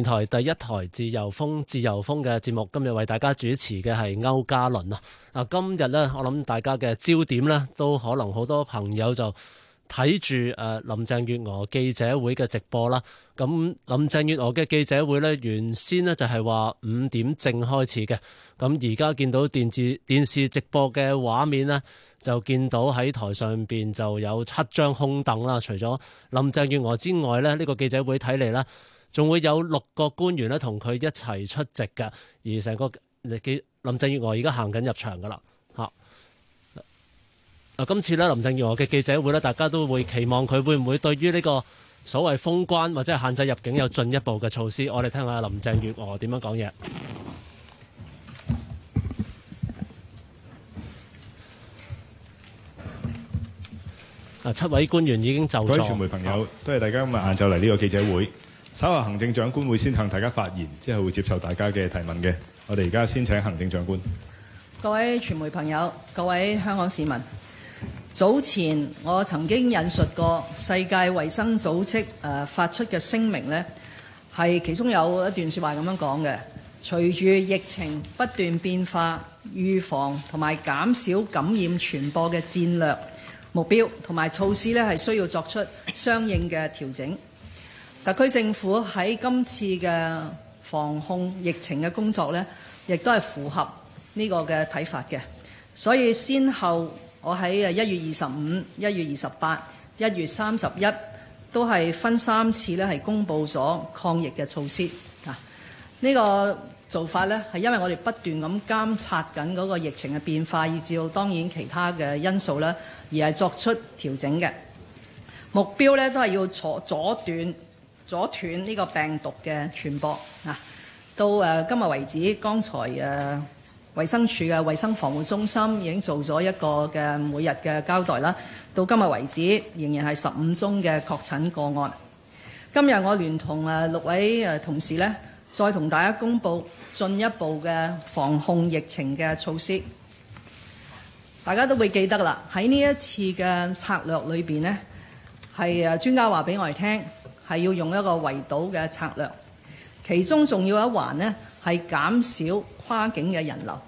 電台第一台自由風，自由風嘅節目，今日為大家主持嘅係歐嘉倫啊！今日呢，我諗大家嘅焦點都可能好多朋友就睇住，誒林鄭月娥記者會嘅直播啦。咁林鄭月娥嘅記者會呢，原先呢就係話五點正開始嘅，咁而家見到電視電視直播嘅畫面呢，就見到喺台上邊就有七張空凳啦。除咗林鄭月娥之外呢，呢、呢個記者會睇嚟咧。仲會有六個官員咧，同佢一齊出席㗎，而成個林鄭月娥而家行緊入場噶啦，嚇！嗱，今次咧，林鄭月娥嘅記者會咧，大家都會期望佢會唔會對於呢個所謂封關或者限制入境有進一步嘅措施。我哋聽下林鄭月娥點樣講嘢。嗱，七位官員已經就座。各位傳媒朋友，多謝大家今日晏晝嚟呢個記者會。稍後行政長官會先向大家發言，之後會接受大家嘅提問嘅。我哋而家先請行政長官。各位傳媒朋友，各位香港市民，早前我曾經引述過世界衛生組織誒發出嘅聲明，呢係其中有一段説話咁樣講嘅。隨住疫情不斷變化，預防同埋減少感染傳播嘅戰略目標同埋措施，呢係需要作出相應嘅調整。特區政府喺今次嘅防控疫情嘅工作咧，亦都係符合呢個嘅睇法嘅。所以先後我喺誒一月二十五、一月二十八、一月三十一，都係分三次咧係公布咗抗疫嘅措施。啊，呢個做法咧係因為我哋不斷咁監察緊嗰個疫情嘅變化，以至到當然其他嘅因素咧，而係作出調整嘅目標咧，都係要阻阻斷。阻斷呢個病毒嘅傳播，到今日為止，剛才誒衞生署嘅衛生防護中心已經做咗一個嘅每日嘅交代啦。到今日為止，仍然係十五宗嘅確診個案。今日我聯同誒六位誒同事咧，再同大家公布進一步嘅防控疫情嘅措施。大家都會記得啦，喺呢一次嘅策略裏面呢，係誒專家話俾我哋聽。係要用一個圍堵嘅策略，其中重要一環呢，係減少跨境嘅人流。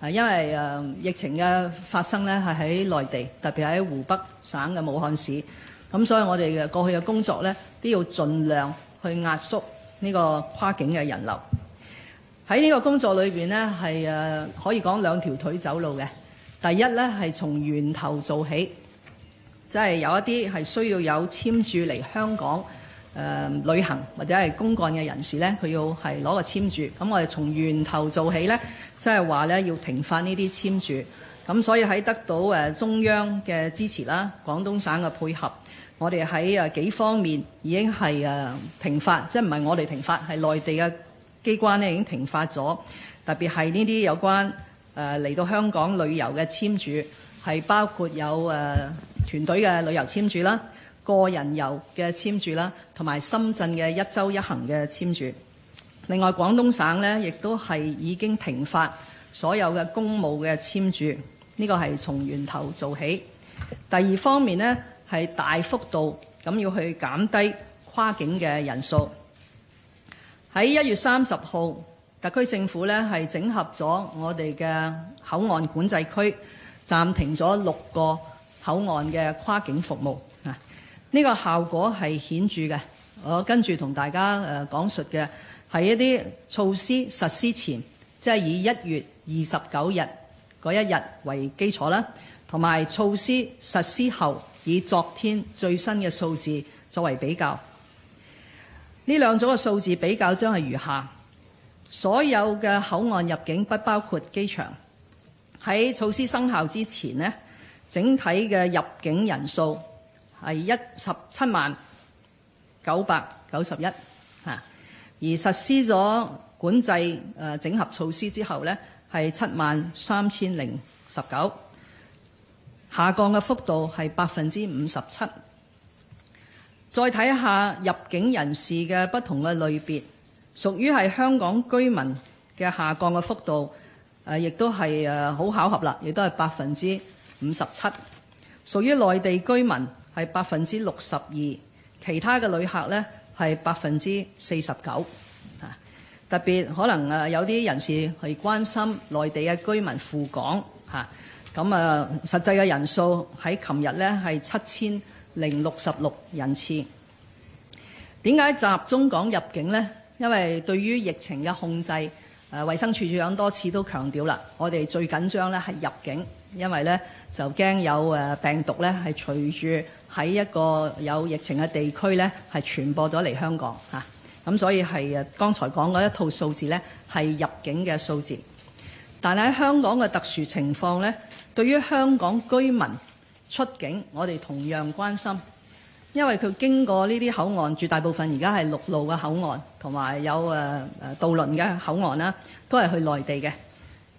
啊，因為誒疫情嘅發生呢，係喺內地，特別喺湖北省嘅武漢市，咁所以我哋嘅過去嘅工作呢，都要盡量去壓縮呢個跨境嘅人流。喺呢個工作裏面呢，係誒可以講兩條腿走路嘅，第一呢，係從源頭做起，即係有一啲係需要有簽注嚟香港。誒、呃、旅行或者係公幹嘅人士咧，佢要係攞個簽注，咁我哋從源頭做起咧，即係話咧要停發呢啲簽注。咁所以喺得到中央嘅支持啦，廣東省嘅配合，我哋喺誒幾方面已經係停發，即係唔係我哋停發，係內地嘅機關咧已經停發咗，特別係呢啲有關誒嚟到香港旅遊嘅簽注，係包括有誒團隊嘅旅遊簽注啦。個人遊嘅簽注啦，同埋深圳嘅一週一行嘅簽注。另外，廣東省呢亦都係已經停發所有嘅公務嘅簽注。呢個係從源頭做起。第二方面呢，係大幅度咁要去減低跨境嘅人數。喺一月三十號，特區政府呢係整合咗我哋嘅口岸管制區，暫停咗六個口岸嘅跨境服務。呢個效果係顯著嘅。我跟住同大家誒講述嘅係一啲措施實施前，即係以一月二十九日嗰一日為基礎啦，同埋措施實施後以昨天最新嘅數字作為比較。呢兩組嘅數字比較將係如下：所有嘅口岸入境不包括機場，喺措施生效之前呢，整體嘅入境人數。係一十七萬九百九十一嚇，而實施咗管制誒整合措施之後咧，係七萬三千零十九，下降嘅幅度係百分之五十七。再睇一下入境人士嘅不同嘅類別，屬於係香港居民嘅下降嘅幅度誒，亦都係誒好巧合啦，亦都係百分之五十七。屬於內地居民。係百分之六十二，其他嘅旅客呢係百分之四十九嚇，特別可能有啲人士係關心內地嘅居民赴港嚇，咁啊實際嘅人數喺琴日呢係七千零六十六人次，點解集中港入境呢？因為對於疫情嘅控制。誒，衛生署署長多次都強調啦，我哋最緊張咧係入境，因為咧就驚有誒病毒咧係隨住喺一個有疫情嘅地區咧係傳播咗嚟香港嚇，咁、啊、所以係誒剛才講嗰一套數字咧係入境嘅數字，但係喺香港嘅特殊情況咧，對於香港居民出境，我哋同樣關心。因為佢經過呢啲口岸，絕大部分而家係陸路嘅口岸，同埋有誒誒渡輪嘅口岸啦，都係去內地嘅。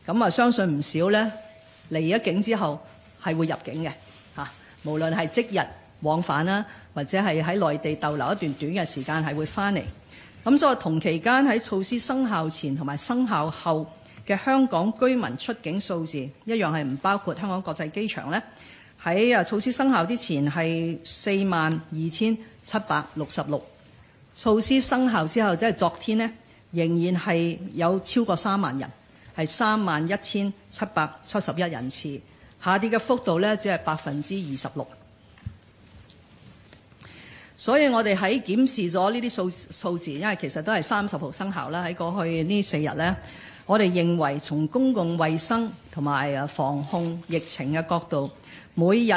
咁啊，相信唔少咧離咗境之後係會入境嘅嚇，無論係即日往返啦，或者係喺內地逗留一段短嘅時間是回來，係會翻嚟。咁所以同期間喺措施生效前同埋生效後嘅香港居民出境數字一樣，係唔包括香港國際機場咧。喺啊，措施生效之前係四萬二千七百六十六。措施生效之後，即係昨天呢，仍然係有超過三萬人，係三萬一千七百七十一人次，下跌嘅幅度呢，只係百分之二十六。所以我哋喺檢視咗呢啲數數字，因為其實都係三十號生效啦。喺過去呢四日呢，我哋認為從公共衞生同埋啊防控疫情嘅角度。每日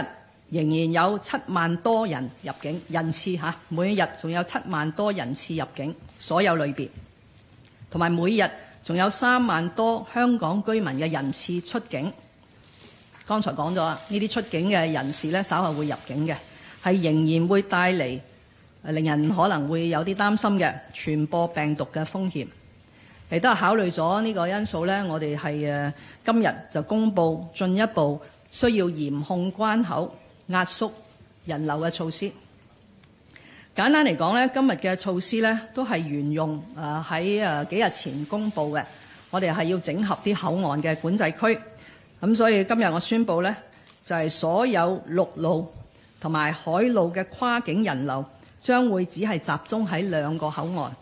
仍然有七萬多人入境人次吓，每日仲有七萬多人次入境，所有類別，同埋每日仲有三萬多香港居民嘅人次出境。剛才講咗啊，呢啲出境嘅人士呢，稍後會入境嘅，係仍然會帶嚟令人可能會有啲擔心嘅傳播病毒嘅風險。亦都係考慮咗呢個因素呢，我哋係今日就公布進一步需要嚴控關口、壓縮人流嘅措施。簡單嚟講咧，今日嘅措施咧都係沿用啊喺幾日前公布嘅，我哋係要整合啲口岸嘅管制區。咁所以今日我宣布咧，就係所有陸路同埋海路嘅跨境人流，將會只係集中喺兩個口岸，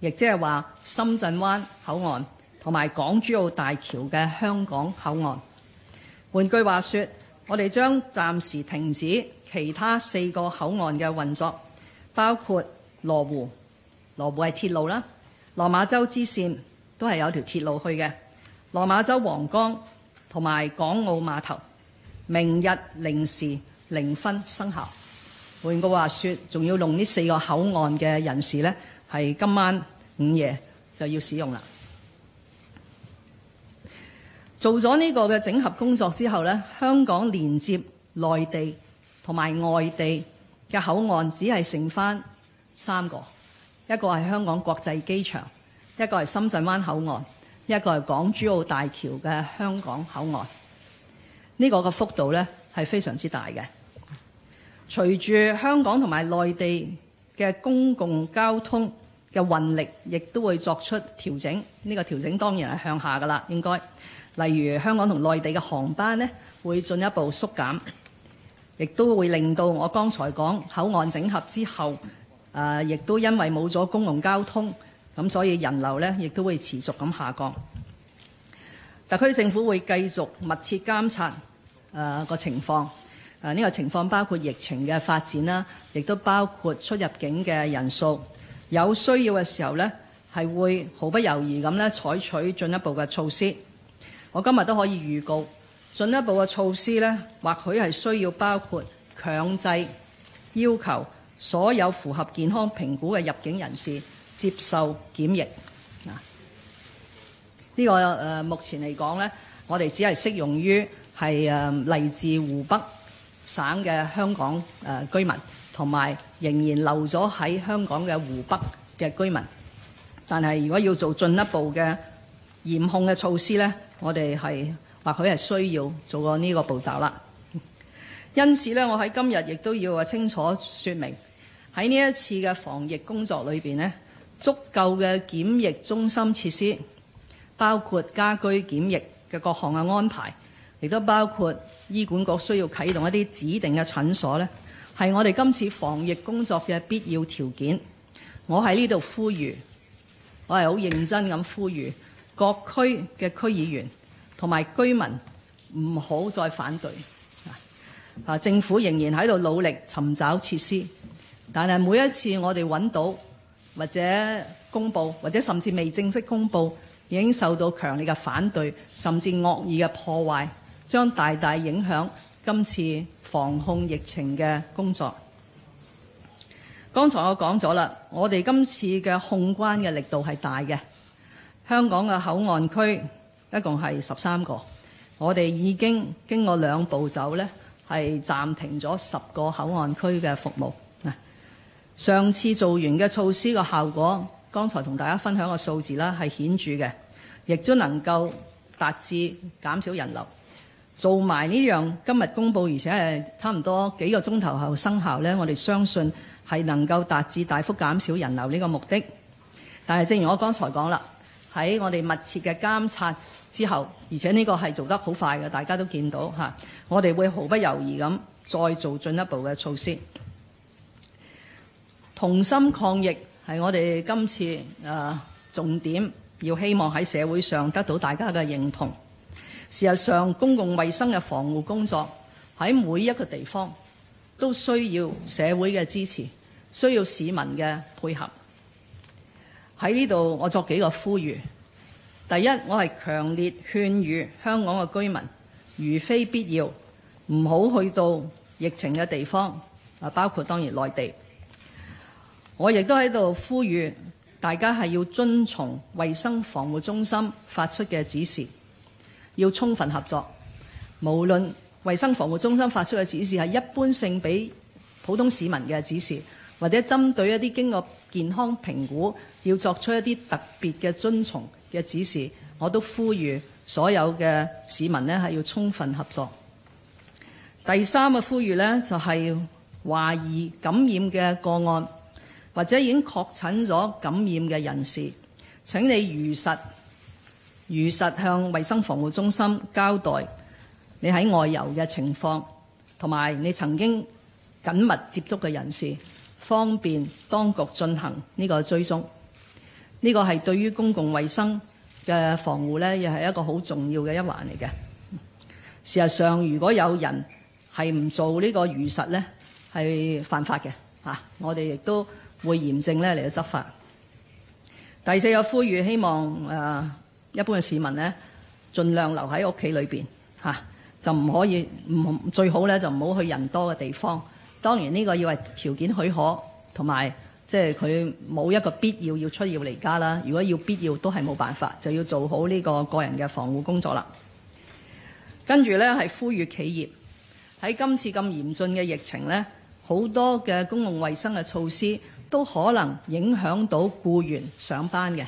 亦即係話深圳灣口岸同埋港珠澳大橋嘅香港口岸。換句話說，我哋將暫時停止其他四個口岸嘅運作，包括羅湖、羅湖係鐵路啦，落馬洲支線都係有條鐵路去嘅，落馬洲皇崗同埋港澳碼頭，明日零時零分生效。換句話說，仲要用呢四個口岸嘅人士呢，係今晚午夜就要使用喇。做咗呢個嘅整合工作之後呢，香港連接內地同埋外地嘅口岸只係剩翻三個，一個係香港國際機場，一個係深圳灣口岸，一個係港珠澳大橋嘅香港口岸。呢個嘅幅度呢係非常之大嘅。隨住香港同埋內地嘅公共交通嘅運力，亦都會作出調整。呢個調整當然係向下噶啦，應該。例如香港同內地嘅航班呢會進一步縮減，亦都會令到我剛才講口岸整合之後，誒，亦都因為冇咗公共交通，咁所以人流呢亦都會持續咁下降。特區政府會繼續密切監察誒個情況，誒、這、呢個情況包括疫情嘅發展啦，亦都包括出入境嘅人數。有需要嘅時候呢，係會毫不猶豫咁咧採取進一步嘅措施。我今日都可以預告，進一步嘅措施呢，或許係需要包括強制要求所有符合健康評估嘅入境人士接受檢疫。啊，呢個目前嚟講呢，我哋只係適用於係誒嚟自湖北省嘅香港居民，同埋仍然留咗喺香港嘅湖北嘅居民。但係如果要做進一步嘅嚴控嘅措施咧，我哋係或許係需要做過呢個步驟啦，因此咧，我喺今日亦都要啊清楚說明，喺呢一次嘅防疫工作裏面，呢足夠嘅檢疫中心設施，包括家居檢疫嘅各項嘅安排，亦都包括醫管局需要啟動一啲指定嘅診所咧，係我哋今次防疫工作嘅必要條件。我喺呢度呼籲，我係好認真咁呼籲。各區嘅區議員同埋居民唔好再反對啊！政府仍然喺度努力尋找設施，但係每一次我哋揾到或者公佈或者甚至未正式公佈，已經受到強烈嘅反對，甚至惡意嘅破壞，將大大影響今次防控疫情嘅工作。剛才我講咗啦，我哋今次嘅控關嘅力度係大嘅。香港嘅口岸區一共係十三個，我哋已經經過兩步走咧，係暫停咗十個口岸區嘅服務嗱。上次做完嘅措施嘅效果，剛才同大家分享個數字啦，係顯著嘅，亦都能夠達至減少人流。做埋呢樣今日公布，而且係差唔多幾個鐘頭後生效咧，我哋相信係能夠達至大幅減少人流呢個目的。但係，正如我剛才講啦。喺我哋密切嘅監察之後，而且呢個係做得好快嘅，大家都見到吓，我哋會毫不猶豫咁再做進一步嘅措施。同心抗疫係我哋今次誒重點，要希望喺社會上得到大家嘅認同。事實上，公共衛生嘅防護工作喺每一個地方都需要社會嘅支持，需要市民嘅配合。喺呢度，我作幾個呼籲。第一，我係強烈勸喻香港嘅居民，如非必要，唔好去到疫情嘅地方。啊，包括當然內地。我亦都喺度呼籲大家係要遵從衛生防護中心發出嘅指示，要充分合作。無論衛生防護中心發出嘅指示係一般性俾普通市民嘅指示，或者針對一啲經過健康評估要作出一啲特別嘅遵從嘅指示，我都呼籲所有嘅市民呢係要充分合作。第三個呼籲呢，就係懷疑感染嘅個案，或者已經確診咗感染嘅人士，請你如實如實向衛生防護中心交代你喺外遊嘅情況，同埋你曾經緊密接觸嘅人士。方便當局進行呢個追蹤，呢個係對於公共衛生嘅防護咧，又係一個好重要嘅一環嚟嘅。事實上，如果有人係唔做呢個如實咧，係犯法嘅嚇，我哋亦都會嚴正咧嚟到執法。第四個呼籲，希望誒一般嘅市民咧，盡量留喺屋企裏邊嚇，就唔可以唔最好咧，就唔好去人多嘅地方。當然呢個要係條件許可，同埋即係佢冇一個必要要出要離家啦。如果要必要，都係冇辦法，就要做好呢個個人嘅防護工作啦。跟住咧，係呼籲企業喺今次咁嚴峻嘅疫情咧，好多嘅公共衛生嘅措施都可能影響到僱員上班嘅。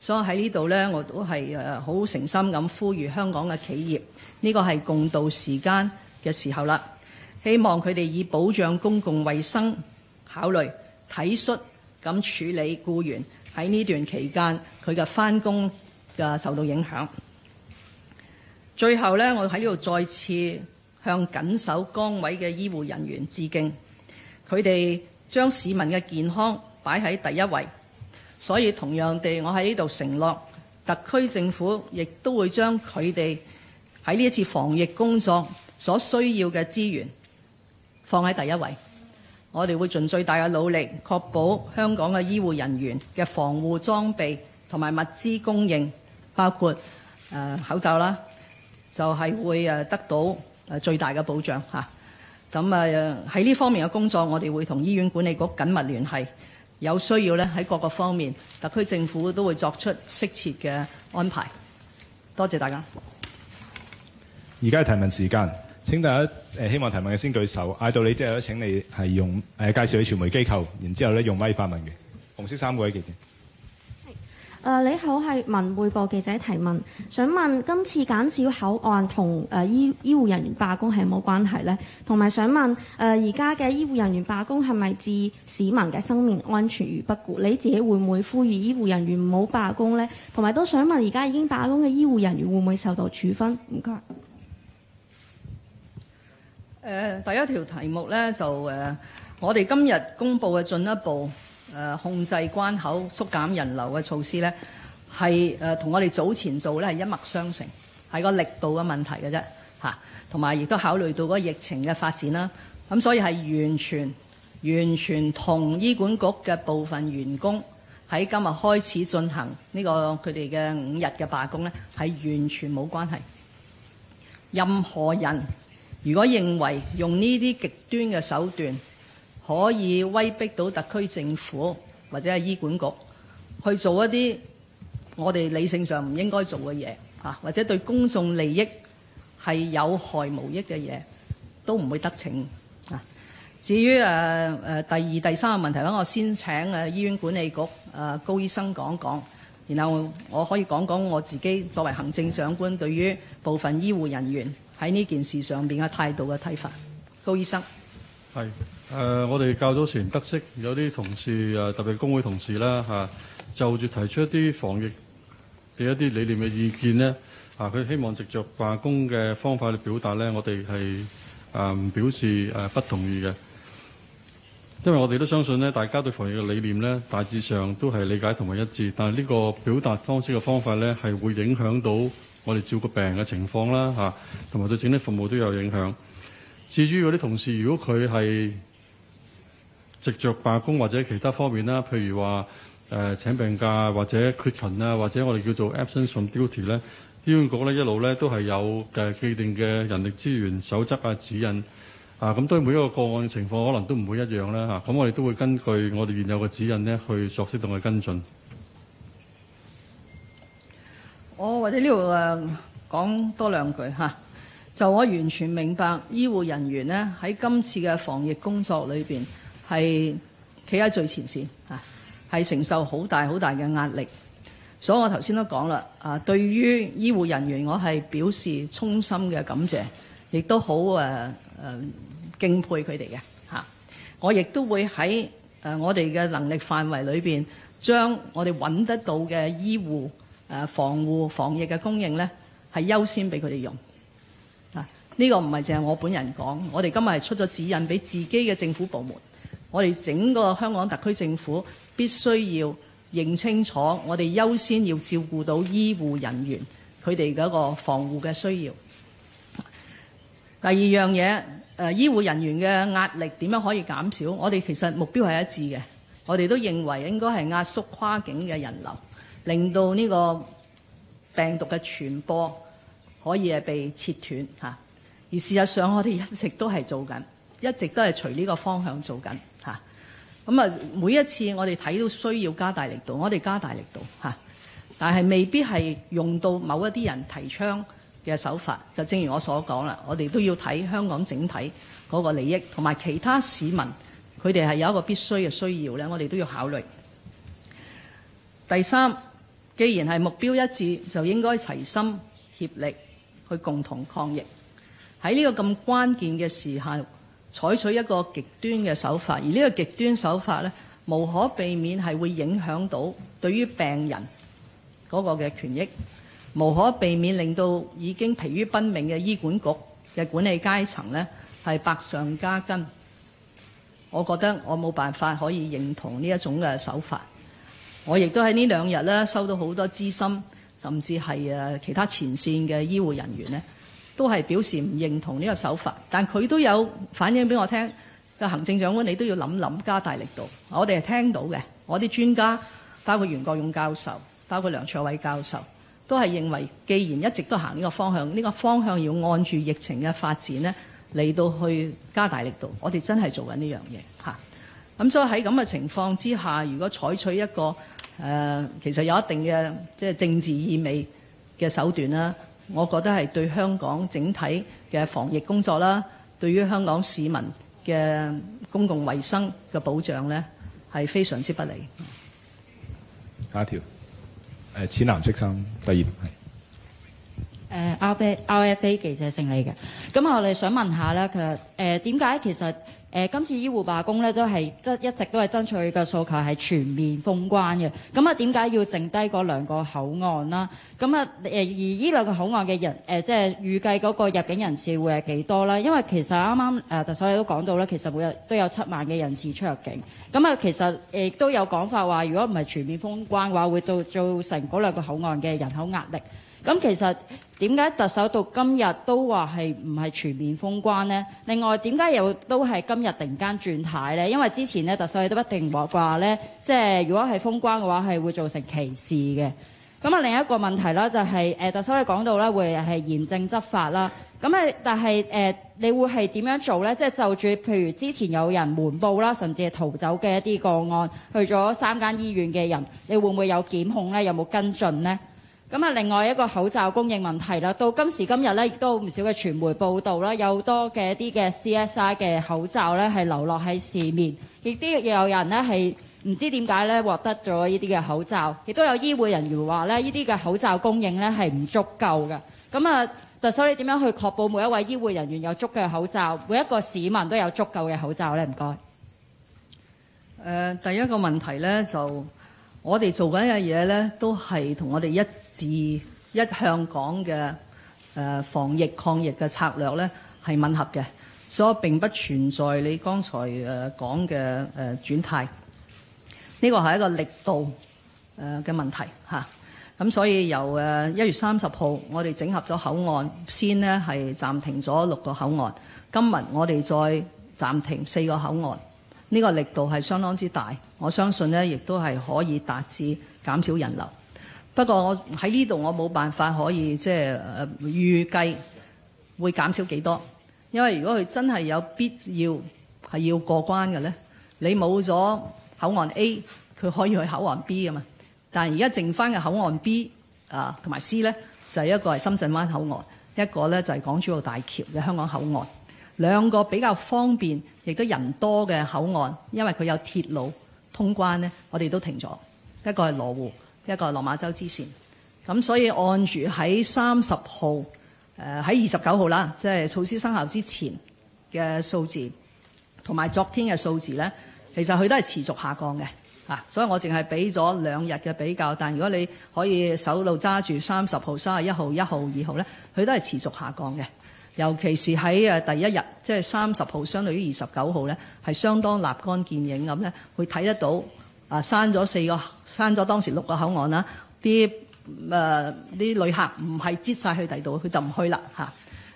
所以喺呢度咧，我都係誒好誠心咁呼籲香港嘅企業，呢、呢個係共渡時艱嘅時候啦。希望佢哋以保障公共衛生考慮，體恤咁處理僱員喺呢段期間佢嘅翻工嘅受到影響。最後咧，我喺呢度再次向緊守崗位嘅醫護人員致敬。佢哋將市民嘅健康擺喺第一位，所以同樣地，我喺呢度承諾，特區政府亦都會將佢哋喺呢一次防疫工作所需要嘅資源。放喺第一位，我哋會盡最大嘅努力，確保香港嘅醫護人員嘅防護裝備同埋物資供應，包括口罩啦，就係會誒得到誒最大嘅保障吓，咁啊喺呢方面嘅工作，我哋會同醫院管理局緊密聯繫，有需要咧喺各個方面，特區政府都會作出適切嘅安排。多謝大家。而家係提問時間。請大家誒、呃、希望提問嘅先舉手，嗌到你之後咧，請你係用誒、呃、介紹你傳媒機構，然之後咧用麥發問嘅。紅色衫位記者。係誒你好，係文匯報記者提問，想問今次減少口岸同誒醫醫護人員罷工係冇關係咧？同埋想問誒而家嘅醫護人員罷工係咪置市民嘅生命安全於不顧？你自己會唔會呼籲醫護人員唔好罷工咧？同埋都想問而家已經罷工嘅醫護人員會唔會受到處分？唔該。誒第一條題目咧就誒，我哋今日公布嘅進一步誒控制關口、縮減人流嘅措施咧，係誒同我哋早前做咧係一脈相承，係個力度嘅問題嘅啫嚇，同埋亦都考慮到嗰個疫情嘅發展啦。咁所以係完全、完全同醫管局嘅部分員工喺今日開始進行呢個佢哋嘅五日嘅罷工咧，係完全冇關係。任何人，如果認為用呢啲極端嘅手段可以威逼到特區政府或者係醫管局去做一啲我哋理性上唔應該做嘅嘢啊，或者對公眾利益係有害無益嘅嘢，都唔會得逞啊。至於誒誒第二、第三個問題咧，我先請誒醫院管理局誒高醫生講講，然後我可以講講我自己作為行政長官對於部分醫護人員喺呢件事上邊嘅態度嘅睇法，高醫生係誒、呃，我哋較早前得悉有啲同事特別工會同事啦、啊、就住提出一啲防疫嘅一啲理念嘅意見咧佢、啊、希望藉著罷工嘅方法去表達咧，我哋係誒表示、啊、不同意嘅，因為我哋都相信咧，大家對防疫嘅理念咧大致上都係理解同埋一致，但係呢個表達方式嘅方法咧係會影響到，我哋照顧病人嘅情況啦，嚇，同埋對整啲服務都有影響。至於嗰啲同事，如果佢係藉著罷工或者其他方面啦，譬如話誒、呃、請病假或者缺勤啊，或者我哋叫做 absence from duty 咧，醫院局咧一路咧都係有既定嘅人力資源守則啊指引啊，咁對每一個個案嘅情況，可能都唔會一樣啦咁、啊、我哋都會根據我哋原有嘅指引咧，去作適當嘅跟進。我或者呢度誒講多兩句嚇，就我完全明白醫護人員咧喺今次嘅防疫工作裏邊係企喺最前線嚇，係承受好大好大嘅壓力。所以我頭先都講啦，啊對於醫護人員，我係表示衷心嘅感謝，亦都好誒誒敬佩佢哋嘅嚇。我亦都會喺誒我哋嘅能力範圍裏邊將我哋揾得到嘅醫護。誒防護防疫嘅供應呢，係優先俾佢哋用。啊，呢、呢個唔係淨係我本人講，我哋今日係出咗指引俾自己嘅政府部門，我哋整個香港特區政府必須要認清楚，我哋優先要照顧到醫護人員佢哋嗰個防護嘅需要，啊。第二樣嘢，誒、啊、醫護人員嘅壓力點樣可以減少？我哋其實目標係一致嘅，我哋都認為應該係壓縮跨境嘅人流。令到呢個病毒嘅傳播可以係被切斷嚇，而事實上我哋一直都係做緊，一直都係隨呢個方向做緊嚇。咁啊，每一次我哋睇都需要加大力度，我哋加大力度嚇，但係未必係用到某一啲人提倡嘅手法。就正如我所講啦，我哋都要睇香港整體嗰個利益，同埋其他市民佢哋係有一個必須嘅需要咧，我哋都要考慮。第三。既然係目標一致，就應該齊心協力去共同抗疫。喺呢個咁關鍵嘅時候，採取一個極端嘅手法，而呢個極端手法咧，無可避免係會影響到對於病人嗰個嘅權益，無可避免令到已經疲於奔命嘅醫管局嘅管理階層咧係百上加斤。我覺得我冇辦法可以認同呢一種嘅手法。我亦都喺呢兩日咧，收到好多資深，甚至係誒其他前線嘅醫護人員呢都係表示唔認同呢個手法。但佢都有反映俾我聽，個行政長官你都要諗諗加大力度。我哋係聽到嘅，我啲專家包括袁國勇教授、包括梁卓偉教授，都係認為，既然一直都行呢個方向，呢個方向要按住疫情嘅發展呢嚟到去加大力度。我哋真係做緊呢樣嘢嚇。咁、嗯、所以喺咁嘅情況之下，如果採取一個誒、呃，其實有一定嘅即係政治意味嘅手段啦，我覺得係對香港整體嘅防疫工作啦，對於香港市民嘅公共衞生嘅保障咧，係非常之不利。下一條，誒、呃、淺藍色衫第二係，誒 RFA 記者姓李嘅。咁我哋想問下咧，呃、為什麼其實誒點解其實？誒、呃、今次醫護罷工咧，都係即一直都係爭取嘅訴求係全面封關嘅。咁啊，點解要剩低嗰兩個口岸啦？咁啊、呃、而呢兩個口岸嘅人、呃、即係預計嗰個入境人次會係幾多啦？因為其實啱啱誒特首你都講到咧，其實每日都有七萬嘅人次出入境。咁啊，其實都有講法話，如果唔係全面封關嘅話，會到造成嗰兩個口岸嘅人口壓力。咁其實點解特首到今日都話係唔係全面封關呢？另外點解又都係今日突然間轉態咧？因為之前咧特首亦都一定話呢，即係如果係封關嘅話係會造成歧視嘅。咁啊，另一個問題啦就係誒特首咧講到啦，會係嚴正執法啦。咁誒，但係誒你會係點樣做呢？即係就住譬如之前有人瞞報啦，甚至係逃走嘅一啲個案，去咗三間醫院嘅人，你會唔會有檢控呢？有冇跟進呢？咁啊，另外一個口罩供應問題啦，到今時今日呢，亦都唔少嘅傳媒報道啦，有多嘅一啲嘅 CSI 嘅口罩呢，係流落喺市面，亦都有人呢，係唔知點解呢，獲得咗呢啲嘅口罩，亦都有醫護人員話呢，呢啲嘅口罩供應呢，係唔足夠㗎。咁啊，特首你點樣去確保每一位醫護人員有足夠嘅口罩，每一個市民都有足夠嘅口罩呢？唔該。誒，第一個問題呢，就。我哋做緊嘅嘢咧，都係同我哋一致，一向講嘅誒防疫抗疫嘅策略咧係吻合嘅，所以並不存在你剛才誒講嘅誒轉態。呢個係一個力度誒嘅問題嚇，咁所以由誒一月三十號，我哋整合咗口岸，先呢係暫停咗六個口岸，今日我哋再暫停四個口岸。呢個力度係相當之大，我相信咧，亦都係可以達至減少人流。不過我喺呢度我冇辦法可以即係呃預計會減少幾多，因為如果佢真係有必要係要過關嘅咧，你冇咗口岸 A，佢可以去口岸 B 啊嘛。但係而家剩翻嘅口岸 B 啊同埋 C 咧，就係一個係深圳灣口岸，一個咧就係港珠澳大橋嘅香港口岸。兩個比較方便，亦都人多嘅口岸，因為佢有鐵路通關咧，我哋都停咗。一個係羅湖，一個係落馬洲支線。咁所以按住喺三十號，誒喺二十九號啦，即係措施生效之前嘅數字，同埋昨天嘅數字咧，其實佢都係持續下降嘅。啊，所以我淨係俾咗兩日嘅比較，但如果你可以手路揸住三十號、三十一號、一號、二號咧，佢都係持續下降嘅。尤其是喺誒第一日，即係三十號，相對於二十九號咧，係相當立竿見影咁咧，會睇得到啊，刪咗四個，刪咗當時六個口岸啦，啲啲、呃、旅客唔係擠晒去第度，佢就唔去啦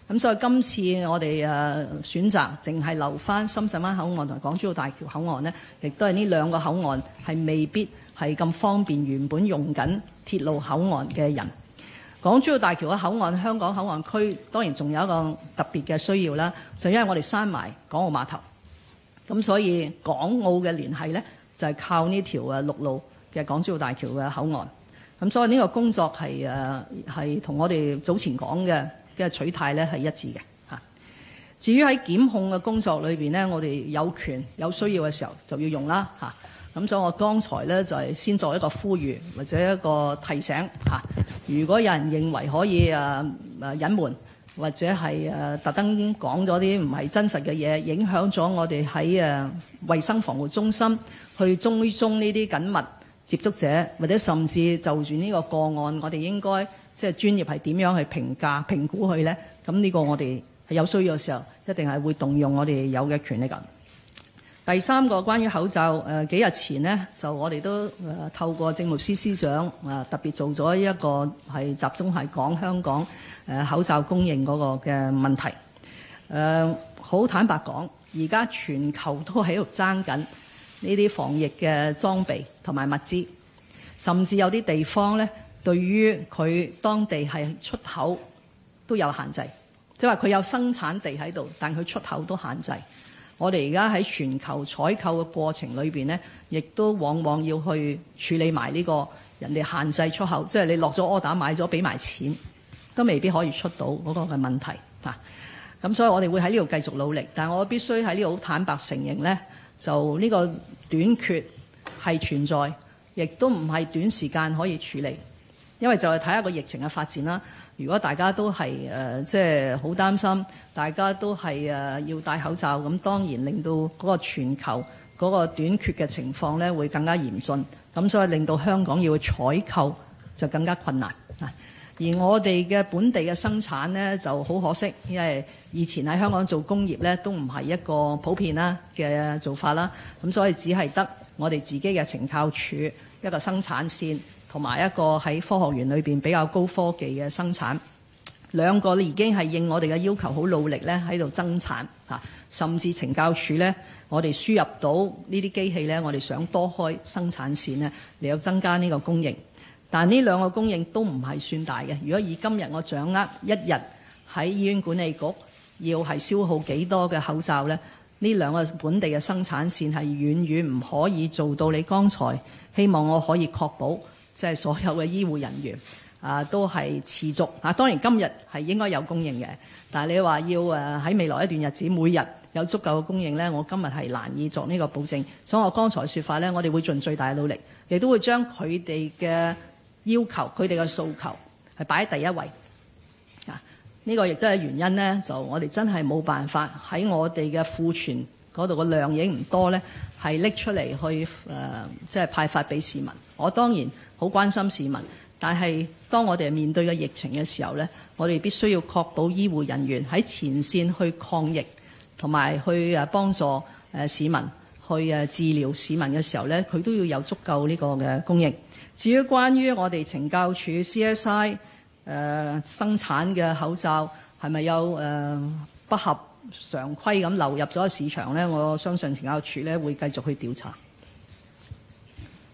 咁、啊、所以今次我哋誒選擇淨係留翻深圳灣口岸同港珠澳大橋口岸咧，亦都係呢兩個口岸係未必係咁方便，原本用緊鐵路口岸嘅人。港珠澳大橋嘅口岸，香港口岸區當然仲有一個特別嘅需要啦，就因為我哋閂埋港澳碼頭，咁所以港澳嘅聯繫咧就係靠呢條嘅陸路嘅港珠澳大橋嘅口岸，咁所以呢個工作係誒係同我哋早前講嘅即係取態咧係一致嘅嚇。至於喺檢控嘅工作裏邊咧，我哋有權有需要嘅時候就要用啦嚇。咁所以我，我剛才咧就係、是、先作一個呼籲或者一個提醒吓、啊。如果有人認為可以誒、啊啊、隱瞞或者係誒、啊、特登講咗啲唔係真實嘅嘢，影響咗我哋喺誒衛生防護中心去追蹤呢啲緊密接觸者，或者甚至就住呢個個案，我哋應該即係專業係點樣去評價評估佢咧？咁呢個我哋係有需要嘅時候，一定係會動用我哋有嘅權力。第三個關於口罩，誒幾日前呢，就我哋都透過政務司司長啊，特別做咗一個係集中係講香港誒口罩供應嗰個嘅問題。誒好坦白講，而家全球都喺度爭緊呢啲防疫嘅裝備同埋物資，甚至有啲地方咧，對於佢當地係出口都有限制，即係話佢有生產地喺度，但佢出口都限制。我哋而家喺全球採購嘅過程裏面咧，亦都往往要去處理埋呢個人哋限制出口，即係你落咗 order 買咗俾埋錢，都未必可以出到嗰個嘅問題嚇。咁、啊、所以我哋會喺呢度繼續努力，但我必須喺呢度好坦白承認咧，就呢個短缺係存在，亦都唔係短時間可以處理。因為就係睇一個疫情嘅發展啦。如果大家都係呃、即係好擔心，大家都係、呃、要戴口罩，咁當然令到嗰個全球嗰個短缺嘅情況咧，會更加嚴峻。咁所以令到香港要採購就更加困難。而我哋嘅本地嘅生產咧，就好可惜，因為以前喺香港做工業咧，都唔係一個普遍啦嘅做法啦。咁所以只係得我哋自己嘅懲教署一個生產線。同埋一個喺科學園裏邊比較高科技嘅生產。兩個已經係應我哋嘅要求好努力咧，喺度增產，甚至懲教署呢，我哋輸入到呢啲機器呢，我哋想多開生產線呢嚟有增加呢個供應。但呢兩個供應都唔係算大嘅。如果以今日我掌握一日喺醫院管理局要係消耗幾多嘅口罩呢？呢兩個本地嘅生產線係遠遠唔可以做到。你剛才希望我可以確保。即係所有嘅醫護人員啊，都係持續啊。當然，今日係應該有供應嘅，但係你話要誒喺、啊、未來一段日子每日有足夠嘅供應咧，我今日係難以作呢個保證。所以，我剛才説法咧，我哋會盡最大嘅努力，亦都會將佢哋嘅要求、佢哋嘅訴求係擺喺第一位啊。呢、這個亦都係原因咧，就我哋真係冇辦法喺我哋嘅庫存嗰度嘅量已經唔多咧，係拎出嚟去誒，即、啊、係、就是、派發俾市民。我當然。好關心市民，但係當我哋面對嘅疫情嘅時候咧，我哋必須要確保醫護人員喺前線去抗疫，同埋去誒幫助誒市民去誒治療市民嘅時候咧，佢都要有足夠呢個嘅供應。至於關於我哋懲教署 CSI 誒、呃、生產嘅口罩係咪有誒、呃、不合常規咁流入咗市場咧，我相信懲教署咧會繼續去調查。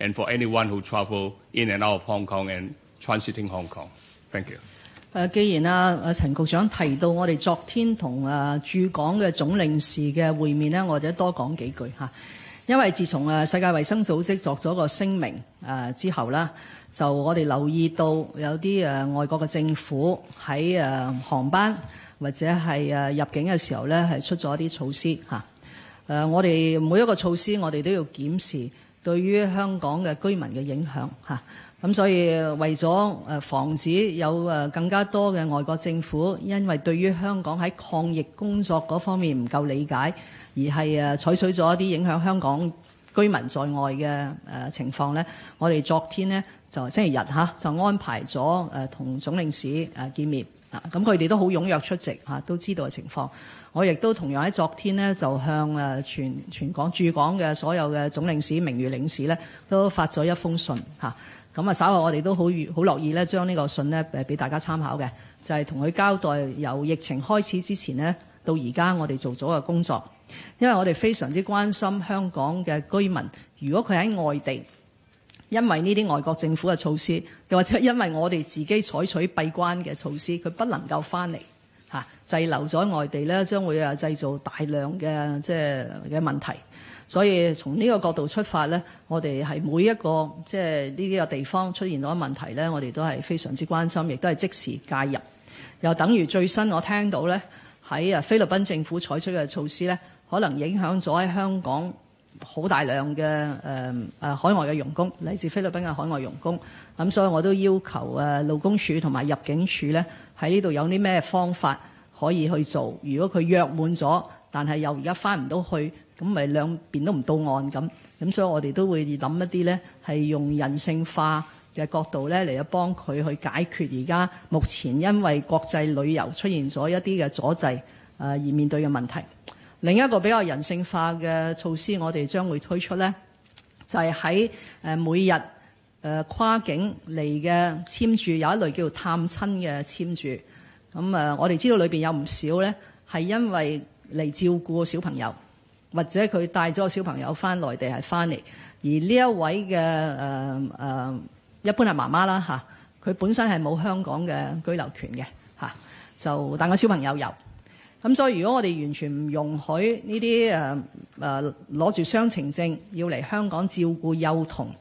And for anyone who travel in and out of Hong Kong and transiting Hong Kong, thank you. Uh, 既然啊，陳局長提到我哋昨天同啊駐港嘅總領事嘅會面咧，我就多講幾句吓，啊。因為自從啊世界衛生組織作咗個聲明啊之後咧，就我哋留意到有啲啊外國嘅政府喺啊航班，或者係啊入境嘅時候咧，係出咗一啲措施吓。誒，啊啊，我哋每一個措施，我哋都要檢視。對於香港嘅居民嘅影響嚇，咁所以為咗誒防止有誒更加多嘅外國政府因為對於香港喺抗疫工作嗰方面唔夠理解，而係誒採取咗一啲影響香港居民在外嘅誒情況咧，我哋昨天呢就星期日嚇就安排咗誒同總領事誒見面啊，咁佢哋都好踴躍出席嚇，都知道嘅情況。我亦都同樣喺昨天呢，就向誒全全港駐港嘅所有嘅總領事、名譽領事呢，都發咗一封信吓。咁啊，稍後我哋都好好樂意咧，將呢個信呢誒俾大家參考嘅，就係同佢交代由疫情開始之前呢，到而家我哋做咗嘅工作。因為我哋非常之關心香港嘅居民，如果佢喺外地，因為呢啲外國政府嘅措施，又或者因為我哋自己採取閉關嘅措施，佢不能夠翻嚟。滯留咗外地咧，將會啊製造大量嘅即係嘅問題，所以從呢個角度出發咧，我哋係每一個即係呢啲嘅地方出現咗問題咧，我哋都係非常之關心，亦都係即時介入。又等於最新我聽到咧，喺啊菲律賓政府採取嘅措施咧，可能影響咗喺香港好大量嘅誒誒海外嘅傭工，嚟自菲律賓嘅海外傭工。咁所以我都要求啊勞工處同埋入境處咧，喺呢度有啲咩方法，可以去做，如果佢約滿咗，但係又而家翻唔到去，咁咪兩邊都唔到岸咁。咁所以我哋都會諗一啲咧，係用人性化嘅角度咧嚟去幫佢去解決而家目前因為國際旅遊出現咗一啲嘅阻滯，誒而面對嘅問題。另一個比較人性化嘅措施，我哋將會推出咧，就係喺誒每日誒跨境嚟嘅簽注有一類叫探親嘅簽注。咁誒、嗯，我哋知道裏面有唔少咧，係因為嚟照顧小朋友，或者佢帶咗小朋友翻內地係翻嚟。而呢一位嘅誒誒，一般係媽媽啦吓，佢本身係冇香港嘅居留權嘅吓，就但個小朋友有。咁所以如果我哋完全唔容許呢啲誒攞住雙程證要嚟香港照顧幼童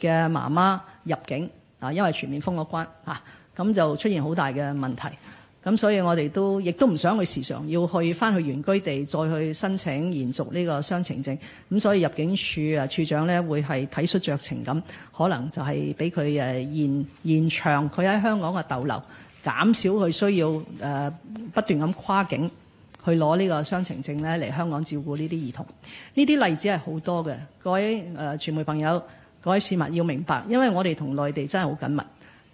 嘅媽媽入境啊，因為全面封咗關嚇，咁就出現好大嘅問題。咁所以我，我哋都亦都唔想去時常要去翻去原居地再去申請延續呢個雙程證。咁所以入境處啊，處長咧會係體恤酌情咁，可能就係俾佢誒延延長佢喺香港嘅逗留，減少佢需要誒、啊、不斷咁跨境去攞呢個雙程證咧嚟香港照顧呢啲兒童。呢啲例子係好多嘅，各位誒、呃、傳媒朋友，各位市民要明白，因為我哋同內地真係好緊密，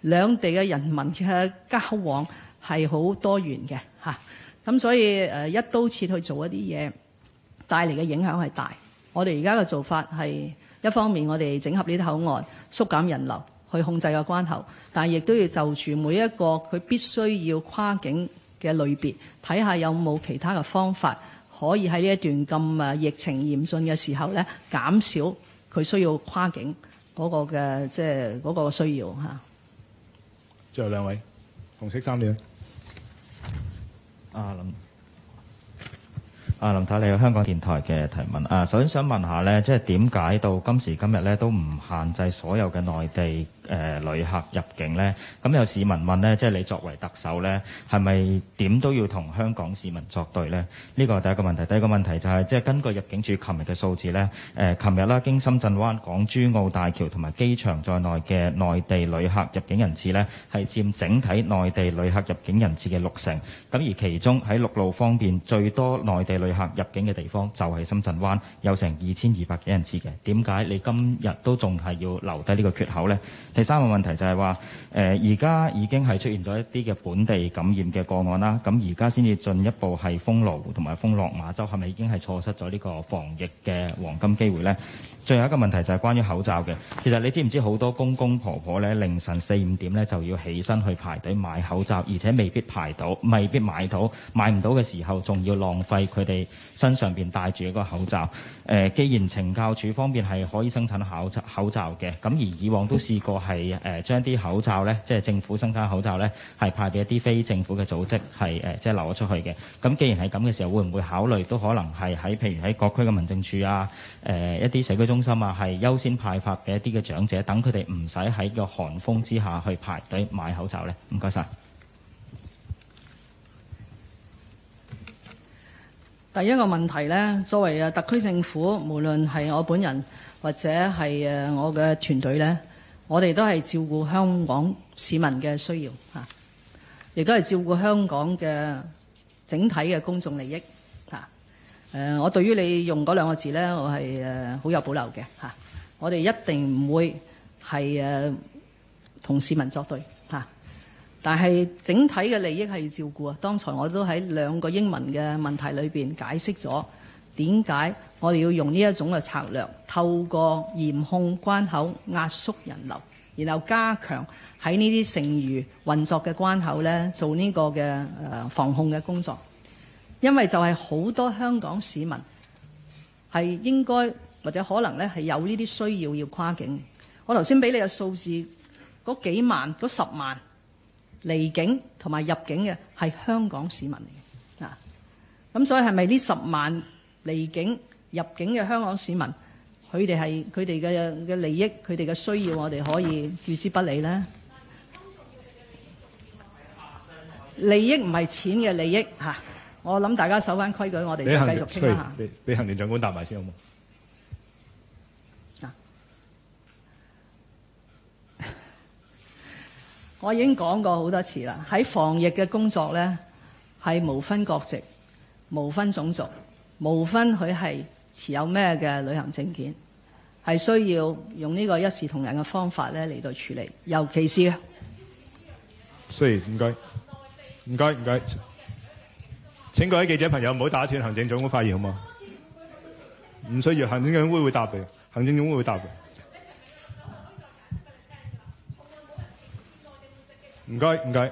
兩地嘅人民嘅交往。係好多元嘅嚇，咁所以誒一刀切去做一啲嘢，帶嚟嘅影響係大。我哋而家嘅做法係一方面我哋整合呢啲口岸，縮減人流，去控制個關口，但係亦都要就住每一個佢必須要跨境嘅類別，睇下有冇其他嘅方法可以喺呢一段咁誒疫情嚴峻嘅時候咧，減少佢需要跨境嗰個嘅即係嗰個需要嚇。最後兩位，紅色衫嘅。啊林，啊林太，你好！香港電台嘅提問，啊首先想問下咧，即係點解到今時今日咧都唔限制所有嘅內地誒、呃、旅客入境呢，咁、嗯、有市民問呢，即係你作為特首呢，係咪點都要同香港市民作對呢？呢、這個第一個問題。第一個問題就係、是，即係根據入境處琴日嘅數字呢，誒、呃，琴日啦，經深圳灣、港珠澳大橋同埋機場在內嘅內地旅客入境人次呢，係佔整體內地旅客入境人次嘅六成。咁而其中喺陸路方面最多內地旅客入境嘅地方就係深圳灣，有成二千二百幾人次嘅。點解你今日都仲係要留低呢個缺口呢？第三個問題就係話，誒、而家已經係出現咗一啲嘅本地感染嘅個案啦，咁而家先至進一步係封羅湖同埋封落馬洲，係咪已經係錯失咗呢個防疫嘅黃金機會呢？最後一個問題就係關於口罩嘅，其實你知唔知好多公公婆婆咧，凌晨四五點咧，就要起身去排隊買口罩，而且未必排到，未必買到，買唔到嘅時候仲要浪費佢哋身上面戴住一個口罩。誒、呃，既然呈教處方面係可以生產口罩口罩嘅，咁而以往都試過係誒、呃、將啲口罩呢，即係政府生產口罩呢，係派俾一啲非政府嘅組織係、呃、即係流咗出去嘅。咁既然係咁嘅時候，會唔會考慮都可能係喺譬如喺各區嘅民政處啊，誒、呃、一啲社區中心啊，係優先派發俾一啲嘅長者，等佢哋唔使喺個寒風之下去排隊買口罩呢？唔該晒。第一個問題咧，作為特區政府，無論係我本人或者係誒我嘅團隊咧，我哋都係照顧香港市民嘅需要嚇，亦都係照顧香港嘅整體嘅公眾利益嚇。誒，我對於你用嗰兩個字咧，我係誒好有保留嘅嚇。我哋一定唔會係誒同市民作對。但係整體嘅利益係要照顧啊！當才我都喺兩個英文嘅問題裏邊解釋咗點解我哋要用呢一種嘅策略，透過嚴控關口壓縮人流，然後加強喺呢啲剩餘運作嘅關口咧做呢個嘅誒防控嘅工作，因為就係好多香港市民係應該或者可能咧係有呢啲需要要跨境。我頭先俾你嘅數字嗰幾萬嗰十萬。離境同埋入境嘅係香港市民嚟嘅，嗱咁所以係咪呢十萬離境入境嘅香港市民，佢哋係佢哋嘅嘅利益，佢哋嘅需要，我哋可以置之不理咧？利益唔係錢嘅利益嚇，我諗大家守翻規矩，我哋繼續傾啦嚇。俾行，行政長官答埋先好冇？我已經講過好多次啦，喺防疫嘅工作咧，係無分國籍、無分種族、無分佢係持有咩嘅旅行證件，係需要用呢個一視同仁嘅方法咧嚟到處理，尤其是。謝謝，唔該，唔該，唔該。請各位記者朋友唔好打斷行政總會發言，好嗎？唔需要行政總會會答嘅，行政總會會答嘅。唔該，唔該。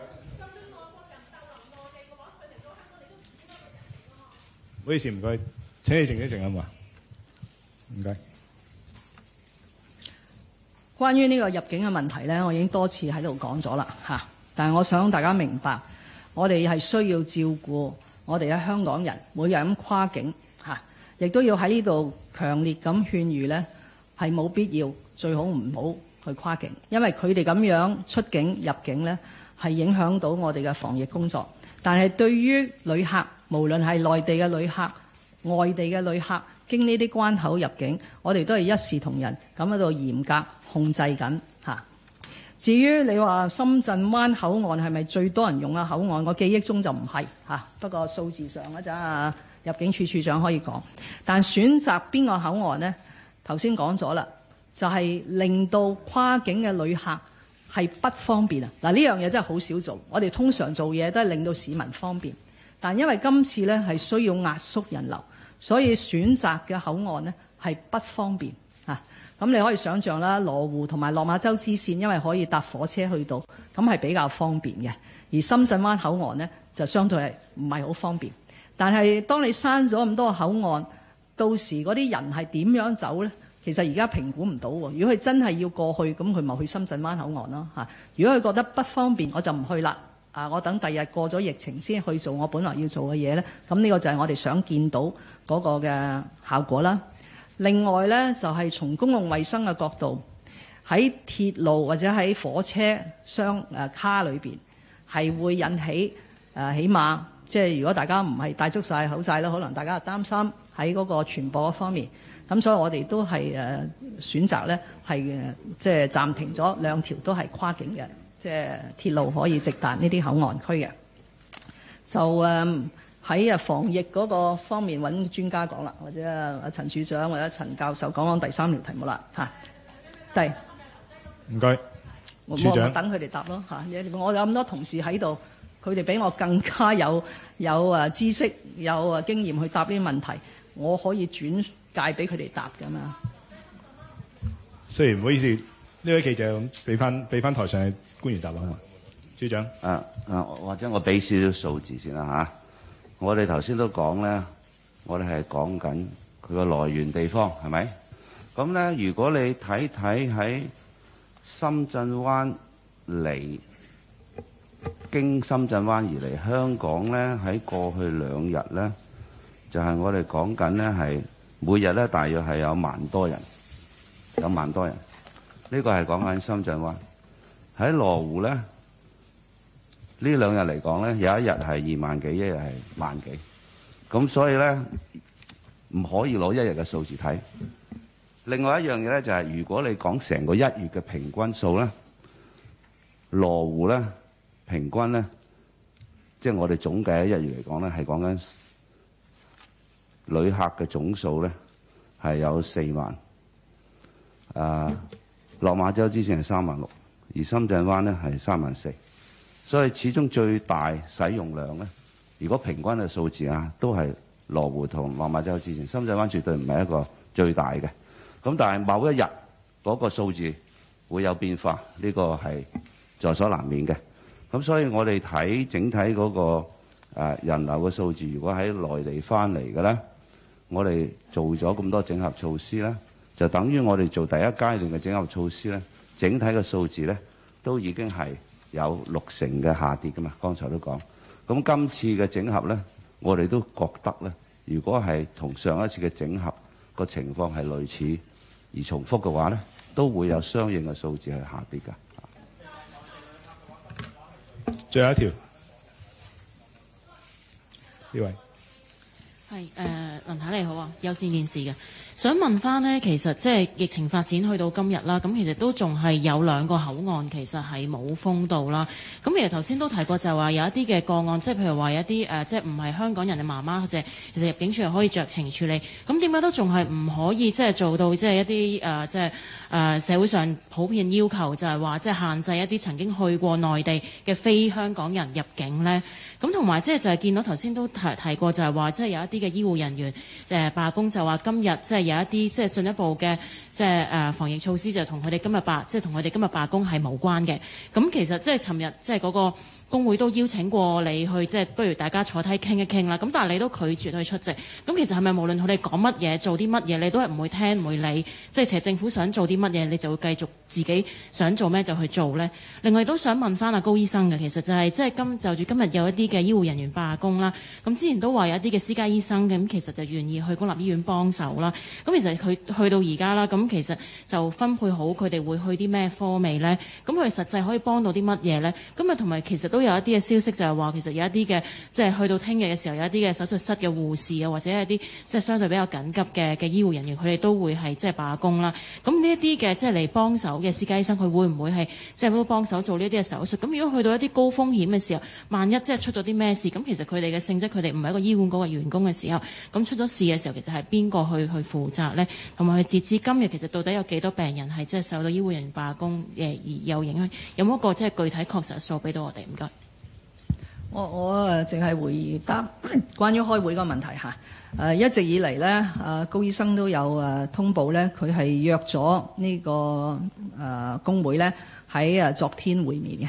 唔好意思，唔該。請你靜一靜啊，唔該。關於呢個入境嘅問題咧，我已經多次喺度講咗啦嚇。但係我想大家明白，我哋係需要照顧我哋嘅香港人每日咁跨境嚇，亦都要喺呢度強烈咁勸喻咧，係冇必要，最好唔好。去跨境，因為佢哋咁樣出境入境咧，係影響到我哋嘅防疫工作。但係對於旅客，無論係內地嘅旅客、外地嘅旅客，經呢啲關口入境，我哋都係一視同仁，咁喺度嚴格控制緊吓、啊。至於你話深圳灣口岸係咪最多人用嘅口岸？我記憶中就唔係吓。不過數字上陣啊入境處處長可以講，但選擇邊個口岸咧？頭先講咗啦。就係令到跨境嘅旅客係不方便啊！嗱，呢樣嘢真係好少做。我哋通常做嘢都係令到市民方便，但因為今次呢係需要壓縮人流，所以選擇嘅口岸呢係不方便嚇。咁、啊、你可以想象啦，羅湖同埋落馬洲支線，因為可以搭火車去到，咁係比較方便嘅。而深圳灣口岸呢，就相對係唔係好方便。但係當你閂咗咁多口岸，到時嗰啲人係點樣走呢？其實而家評估唔到喎，如果佢真係要過去，咁佢咪去深圳灣口岸咯吓。如果佢覺得不方便，我就唔去啦。啊，我等第日過咗疫情先去做我本來要做嘅嘢咧。咁呢個就係我哋想見到嗰個嘅效果啦。另外呢，就係從公共衛生嘅角度，喺鐵路或者喺火車箱、啊、卡裏面，係會引起、啊、起碼即係如果大家唔係帶足晒口罩啦，可能大家擔心喺嗰個傳播方面。咁所以我，我哋、就是、都係誒選擇咧，係即係暫停咗兩條都係跨境嘅即係鐵路可以直達呢啲口岸區嘅。就誒喺啊防疫嗰個方面揾專家講啦，或者阿陳處長或者陳教授講講第三條題目啦吓，第唔該處長，謝謝，我我我等佢哋答咯吓、啊，我有咁多同事喺度，佢哋比我更加有有啊知識有啊經驗去答呢啲問題，我可以轉。帶俾佢哋答㗎嘛？雖然唔好意思，呢位記者咁，俾翻俾翻台上嘅官員答案啊，嘛，署長啊啊，或者我俾少少數字先啦嚇。我哋頭先都講咧，我哋係講緊佢個來源地方係咪？咁咧，如果你睇睇喺深圳灣嚟，經深圳灣而嚟香港咧，喺過去兩日咧，就係我哋講緊咧係。每日咧大約係有萬多人，有萬多人。呢個係講緊深圳灣，喺羅湖咧呢兩日嚟講咧，有一日係二萬幾，一日係萬幾。咁所以咧唔可以攞一日嘅數字睇。另外一樣嘢咧就係如果你講成個一月嘅平均數咧，羅湖咧平均咧，即係我哋總計喺一月嚟講咧係講緊。旅客嘅總數咧係有四萬，啊，落馬洲之前係三萬六，而深圳灣咧係三萬四，所以始終最大使用量咧，如果平均嘅數字啊，都係羅湖同落馬洲之前，深圳灣絕對唔係一個最大嘅。咁但係某一日嗰個數字會有變化，呢個係在所難免嘅。咁所以我哋睇整體嗰個啊人流嘅數字，如果喺內地翻嚟嘅咧。我哋做咗咁多整合措施咧，就等於我哋做第一階段嘅整合措施咧，整體嘅數字咧都已經係有六成嘅下跌噶嘛。剛才都講，咁今次嘅整合咧，我哋都覺得咧，如果係同上一次嘅整合個情況係類似而重複嘅話咧，都會有相應嘅數字去下跌噶。最後一條，呢位。係誒、呃，林太太你好啊，有先件事嘅，想問翻呢，其實即係疫情發展去到今日啦，咁其實都仲係有兩個口岸，其實係冇封到啦。咁其實頭先都提過，就話有一啲嘅個案，即、就、係、是、譬如話有一啲、呃、即係唔係香港人嘅媽媽，即係其實入境處係可以酌情處理。咁點解都仲係唔可以即係做到、呃、即係一啲即係社會上普遍要求就係話即係限制一啲曾經去過內地嘅非香港人入境呢？咁同埋即係就係見到頭先都提提過，就係話即係有一啲嘅醫護人員誒罷工，就話今日即係有一啲即係進一步嘅即係誒防疫措施，就同佢哋今日罷，即係同佢哋今日罷工係無關嘅。咁其實即係尋日即係嗰個。工會都邀請過你去，即係不如大家坐低傾一傾啦。咁但係你都拒絕去出席。咁其實係咪無論佢哋講乜嘢、做啲乜嘢，你都係唔會聽、唔會理？即係其實政府想做啲乜嘢，你就會繼續自己想做咩就去做呢？另外都想問翻阿高醫生嘅，其實就係即係今就住今日有一啲嘅醫護人員罷工啦。咁之前都話有一啲嘅私家醫生咁，其實就願意去公立醫院幫手啦。咁其實佢去到而家啦，咁其實就分配好佢哋會去啲咩科未呢？咁佢實際可以幫到啲乜嘢呢？咁啊同埋其實都。都有一啲嘅消息就係，就係話其實有一啲嘅，即係去到聽日嘅時候，有一啲嘅手術室嘅護士啊，或者有一啲即係相對比較緊急嘅嘅醫護人員，佢哋都會係即係罷工啦。咁呢一啲嘅即係嚟幫手嘅私家醫生，佢會唔會係即係幫手做呢啲嘅手術？咁如果去到一啲高風險嘅時候，萬一即係出咗啲咩事，咁其實佢哋嘅性質，佢哋唔係一個醫院嗰個員工嘅時候，咁出咗事嘅時候，其實係邊個去去負責呢？同埋截至今日，其實到底有幾多病人係即係受到醫護人員罷工誒，而有影響？有冇一個即係具體確實數俾到我哋？我我誒淨係回答關於開會嗰個問題嚇，誒一直以嚟咧，誒高醫生都有誒通報咧，佢係約咗呢個誒工會咧，喺誒昨天會面嘅，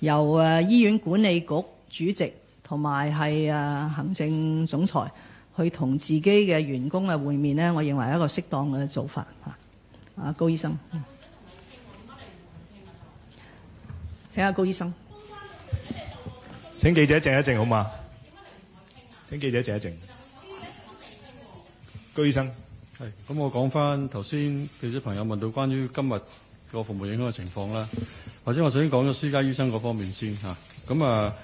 由誒醫院管理局主席同埋係誒行政總裁去同自己嘅員工啊會面咧，我認為係一個適當嘅做法嚇。阿高醫生，請下高醫生。請記者靜一靜好嗎？請記者靜一靜。靜一靜，高醫生，係咁，我講翻頭先記者朋友問到關於今日個服務影響嘅情況啦。或者我首先講咗私家醫生嗰方面先嚇。咁啊，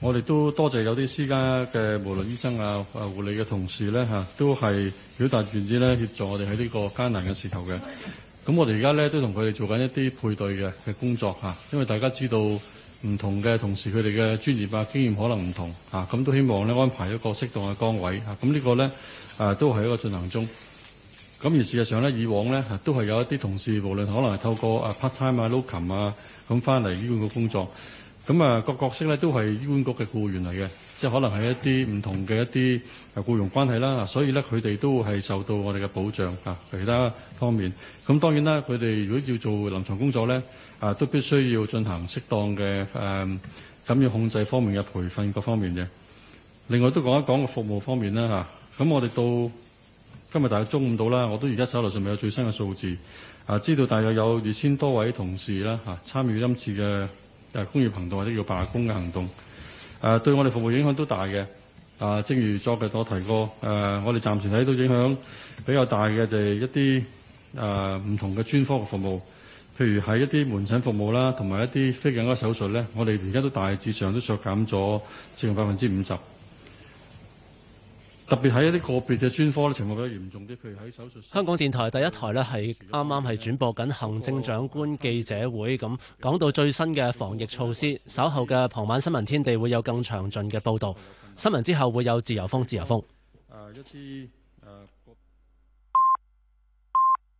我哋都多謝，謝有啲私家嘅無論醫生啊、護理嘅同事咧、啊、都係表達願意咧協助我哋喺呢個艱難嘅時候嘅。咁我哋而家咧都同佢哋做緊一啲配對嘅嘅工作嚇、啊，因為大家知道。唔同嘅同事，佢哋嘅專業啊、經驗可能唔同啊，咁都希望咧安排一個適當嘅崗位咁、啊這個、呢個咧、啊、都係一個進行中。咁、啊、而事實上咧，以往咧、啊、都係有一啲同事，無論可能係透過啊 part time 啊、locum 啊咁翻嚟醫管局工作，咁啊各個角色咧都係醫管局嘅僱員嚟嘅。即係可能係一啲唔同嘅一啲誒僱傭關係啦，所以咧佢哋都係受到我哋嘅保障啊，其他方面。咁當然啦，佢哋如果要做臨床工作咧，誒都必須要進行適當嘅誒感染控制方面嘅培訓各方面嘅。另外都講一講個服務方面啦嚇。咁我哋到今日大約中午到啦，我都而家手頭上面有最新嘅數字，啊知道大約有二千多位同事啦嚇、啊、參與今次嘅誒工業行動或者叫罷工嘅行動。誒、啊、對我哋服務影響都大嘅，啊，正如昨日我提過，誒、啊，我哋暫時睇到影響比較大嘅就係一啲誒唔同嘅專科嘅服務，譬如喺一啲門診服務啦，同埋一啲非緊急手術咧，我哋而家都大致上都削減咗，佔百分之五十。特別喺一啲個別嘅專科咧，情況比較嚴重啲。譬如喺手術，香港電台第一台呢係啱啱係轉播緊行政長官記者會，噉講到最新嘅防疫措施，稍後嘅傍晚新聞天地會有更詳盡嘅報導。新聞之後會有自由風，自由風。誒，一啲。